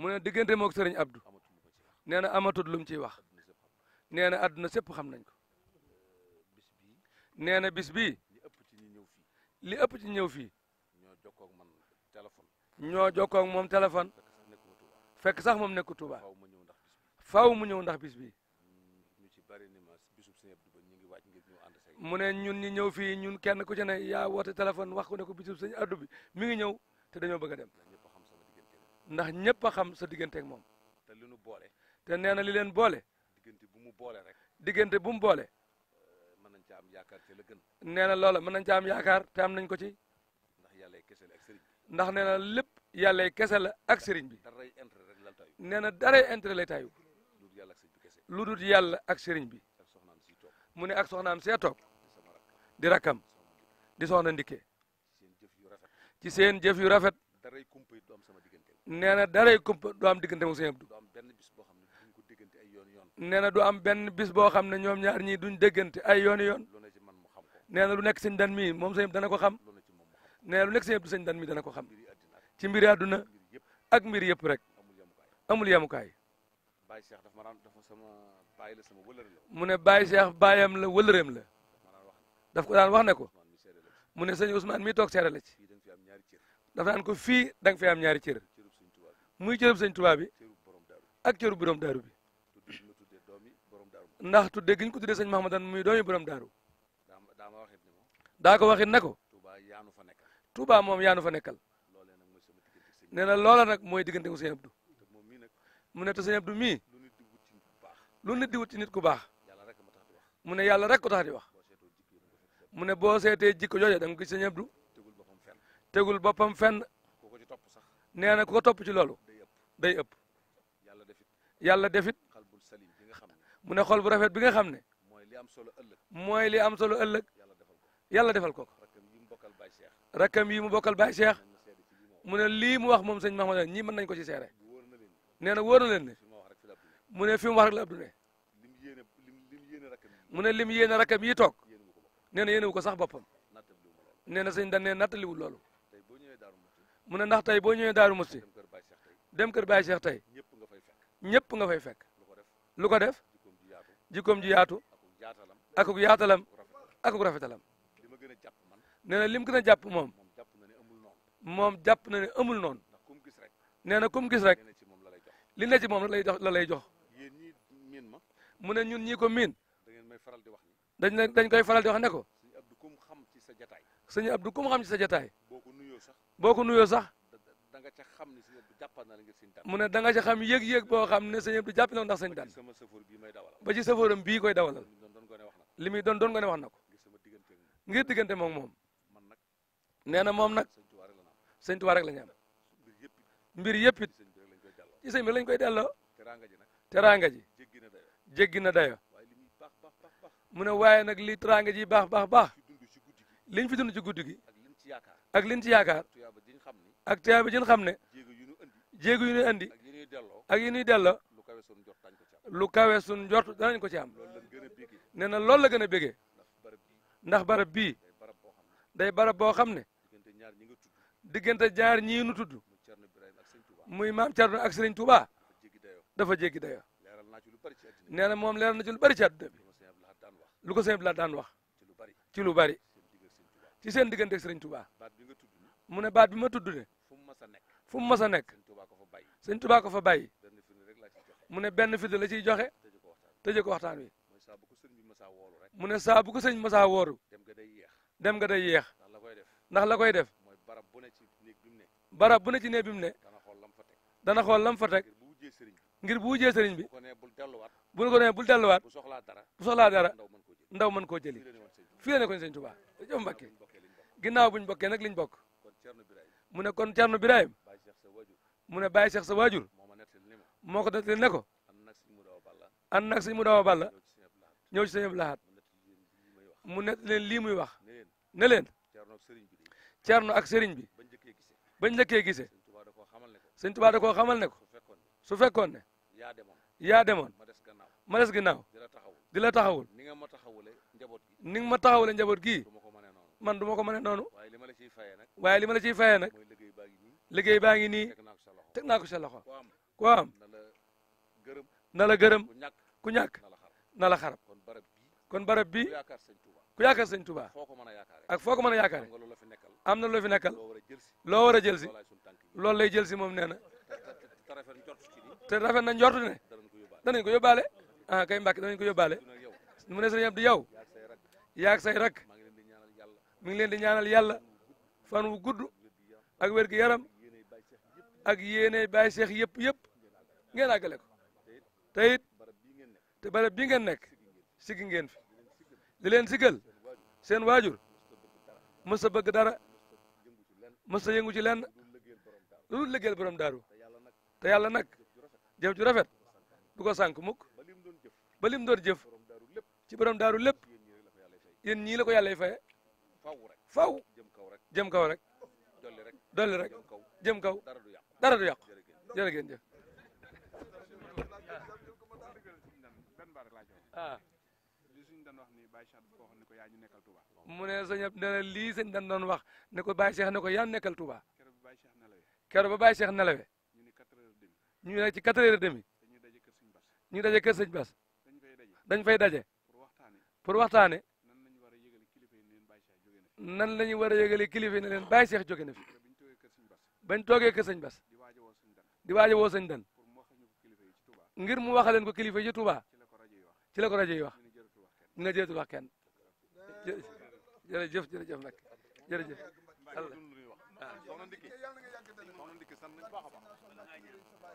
mu ne diggante moog sëriñ Abdou nee na amatul lu mu ciy wax nee na àdduna sépp xam nañ ko nee na bis bii li ëpp ci ñëw fii ñoo jokkoo ak moom téléphone fekk sax moom nekku Touba faaw mu ñëw ndax bis bii mu ne ñun ñi ñëw fii ñun kenn ku ci ne yaa woote téléphone wax ko ne ko bisub sëñ Abdou bi mi ngi ñëw te dañoo bëgg dem. ndax ñëpp a xam sa diggante ak moom. te li nu boole. te nee na li leen boole. diggante bu mu boole rek. diggante bu mu boole. mën nañ ca am yaakaar te la gën. nee na loola mën nañ ca am yaakaar te am nañ ko ci. ndax yàlla kese la ndax nee na lépp yàlla kese la ak sëriñ bi. daray intérêt rek la tayu. nee na daray intérêt lay tayu. lu dul yàlla ak sëriñ bi kese. lu dul yàlla ak sëriñ bi. mu ne ak soxnaam see toog. di rakkam. di soxna ndikkee. ci seen jëf yu rafet. daray kumpa du sama diggante. nee na daray kumpa du am diggante moom sëñ Abdou nee na du am benn bis boo xam ne ñoom ñaar ñii duñ déggante ay yoon yoon nee na lu nekk sëñ dan mi moom sëñ dana ko xam nee na lu nekk sëñ Abdou sëñ dan mii dana ko xam ci mbiri àdduna ak mbir yëpp rek amul yemukaay mu ne Baye Cheikh baayam la wëlëreem la daf ko daan wax ne ko mu ne sëñ Ousmane mii toog seere la ci dafa daan ko fii dan nga fi am ñaari cër muy cërub sëñ Tuubaa bi ak cërub borom daaru bi ndax tudde gi ñu ko tuddee sëñ Mahamadan muy doomi borom daaru daa ko waxit ne ko Tuubaa moom yaanu fa nekkal nee na loola nag mooy diggante gu sëñ Abdou mu ne te sëñ Abdou mii lu nit di wut ci nit ku baax mu ne yàlla rek ko tax di wax mu ne boo seetee jikko jooje da nga gis sëñ Abdou tegul boppam fenn nee na ku ko topp ci loolu day ëpp yàlla defit yàlla defit xalbul salim bi nga xam mu ne xol bu rafet bi nga xam ne mooy li am solo ëllëg mooy li am solo ëllëg yàlla defal ko rakkam yi mu bokkal Baye Cheikh rakkam yi mu bokkal Baye Cheikh mu ne lii mu wax moom sëñ Mahmoud ñii mën nañ ko ci seere nee na wóor na leen ne mu ne fi mu wax rek la ab dune mu ne lim yéene rakkam yi toog nee na yéene ko sax boppam nee na sëñ dañ ne nattaliwul loolu mu ndax tey boo ñëwee Daaru Musti dem kër Baye Cheikh tey ñëpp nga fay fek ñëpp nga fay fekk lu ko def jikkoom ji yaatu akuk yaatalam akuk rafetalam nee na lim gën a jàpp moom moom jàpp na ne amul noonu nee na kum gis rek li ne ci moom la lay jox la lay jox mu ne ñun ñii ko miin dañ ne dañ koy faral di wax ne ko sëñ Abdou kum xam ci sa jataay boo ko nuyoo sax da nga ca xam ne sëñ bi jàppal na la ngir sëñ ne da nga ca xam yëg-yëg boo xam ne sëñ bi jàpp na ndax sëñ dara sama sëfoor bii may dawalal ba ci sëfooram bii koy dawalal li muy doon doon nga ne wax na ko ngir diggante moom moom nee na moom la ñu am mbir yëpp it ci sëñ bi lañ koy delloo teraanga dayo mu waaye nag li teraanga ji baax baax baax liñ fi dund ci guddi ak liñ ci yaakaar ak taa bi jën xam ne jéego yu ñuy andi ak yu ñuy delloo lu kawe suñ jot danañ ko ci am nee na loolu la gën a bégee ndax barab bii day barab boo xam ne diggante ñaar ñii nu tudd muy maam Thierno ak Serigne Touba dafa jéggi dayoo nee na moom leeral na ci lu bari ci àdduna bi lu ko sëñ bi la daan wax ci lu bari ci seen diggante ak Serigne Touba mu ne baat bi ma tudd ne. fu mu mës a nekk fu mu mës a nekk sëñ Tuubaa ko fa bàyyi mu ne benn firnde la ciy joxe tëje ko waxtaan wi mu ne saa bu ko sëñ mësaa wooru dem ga day yéex ndax la koy def barab bu ne ci néeg bi mu ne dana xool lam fa teg ngir bu wujjee sëriñ bi bu ko nee bul delluwaat bu soxlaa dara ndaw mën koo jëli fii la ne ko sëñ Tuubaa jëf Mbàkke ginnaaw buñ bokkee nag liñ bokk mu ne kon Thierno Birahim mu ne Baye Cheikh sa waajur moo ko nettali ne ko ànd nag sëñ mu dawa balla ñëw ci sëñ Abdou Lahad mu nett leen lii muy wax ne leen Thierno ak sëriñ bi bañ njëkkee gisee sëñ Tuubaa da koo xamal ne ko su fekkoon ne yaa demoon ma des ginnaaw di la taxawul ni nga ma taxawule njaboot gii man du ma ko mën a noonu waaye li ma la ciy faye nag waaye li ma la ciy fayee nag liggéey baa ngi nii teg naa ko sa loxo ku am na la gërëm ku ñàkk na la xarab kon barab bi ku yaakaar sëñ Touba ak foo ko mën a yaakaare am na loo fi nekkal loo war a jël si loolu lay jël si moom nee na te rafet na njortu ne danañ ko yóbbaale ah kay Mbàkke danañ ko yóbbaale mu ne sëñ Abdou yow yaag say rak mi ngi leen di ñaanal yàlla fan wu gudd ak wér gi yaram ak yéeney bàyyi seex yëpp yëpp ngeen àggale ko te it te barab bii ngeen nekk sigi ngeen fi di leen sigal seen waajur mës a bëgg dara mës a yëngu ci lenn lu liggéeyal borom daaru te yàlla nag jëf ju rafet du ko sànk mukk ba lim doon jëf ci borom daaru lépp yéen ñii la ko yàllay faye faw rek faw jëm kaw rek jëm kaw rek dolli rek dolli rek jëm kaw dara du yàqu dara du yàqu jërë ngeen jëf ah mu ne sëñ ab nee na lii sëñ dan doon wax ne ko Baye Cheikh ne ko yaa nekkal Touba keroog ba Baye Cheikh nelawe ñu ne ci quatre heures et demi ñu daje kër sëñ Bas dañ fay daje pour waxtaane nan la ñu war a yëgalee kilifa ne leen bàyyi seex jóge na fi bañ toogee kër sëñ Bas di waaja woo sëñ Dan ngir mu waxaleen ko kilifa yi Touba ci la ko rajo yi wax ñu nga jërëtul wax kenn jërëjëf jërëjëf nag jërëjëf alla waaw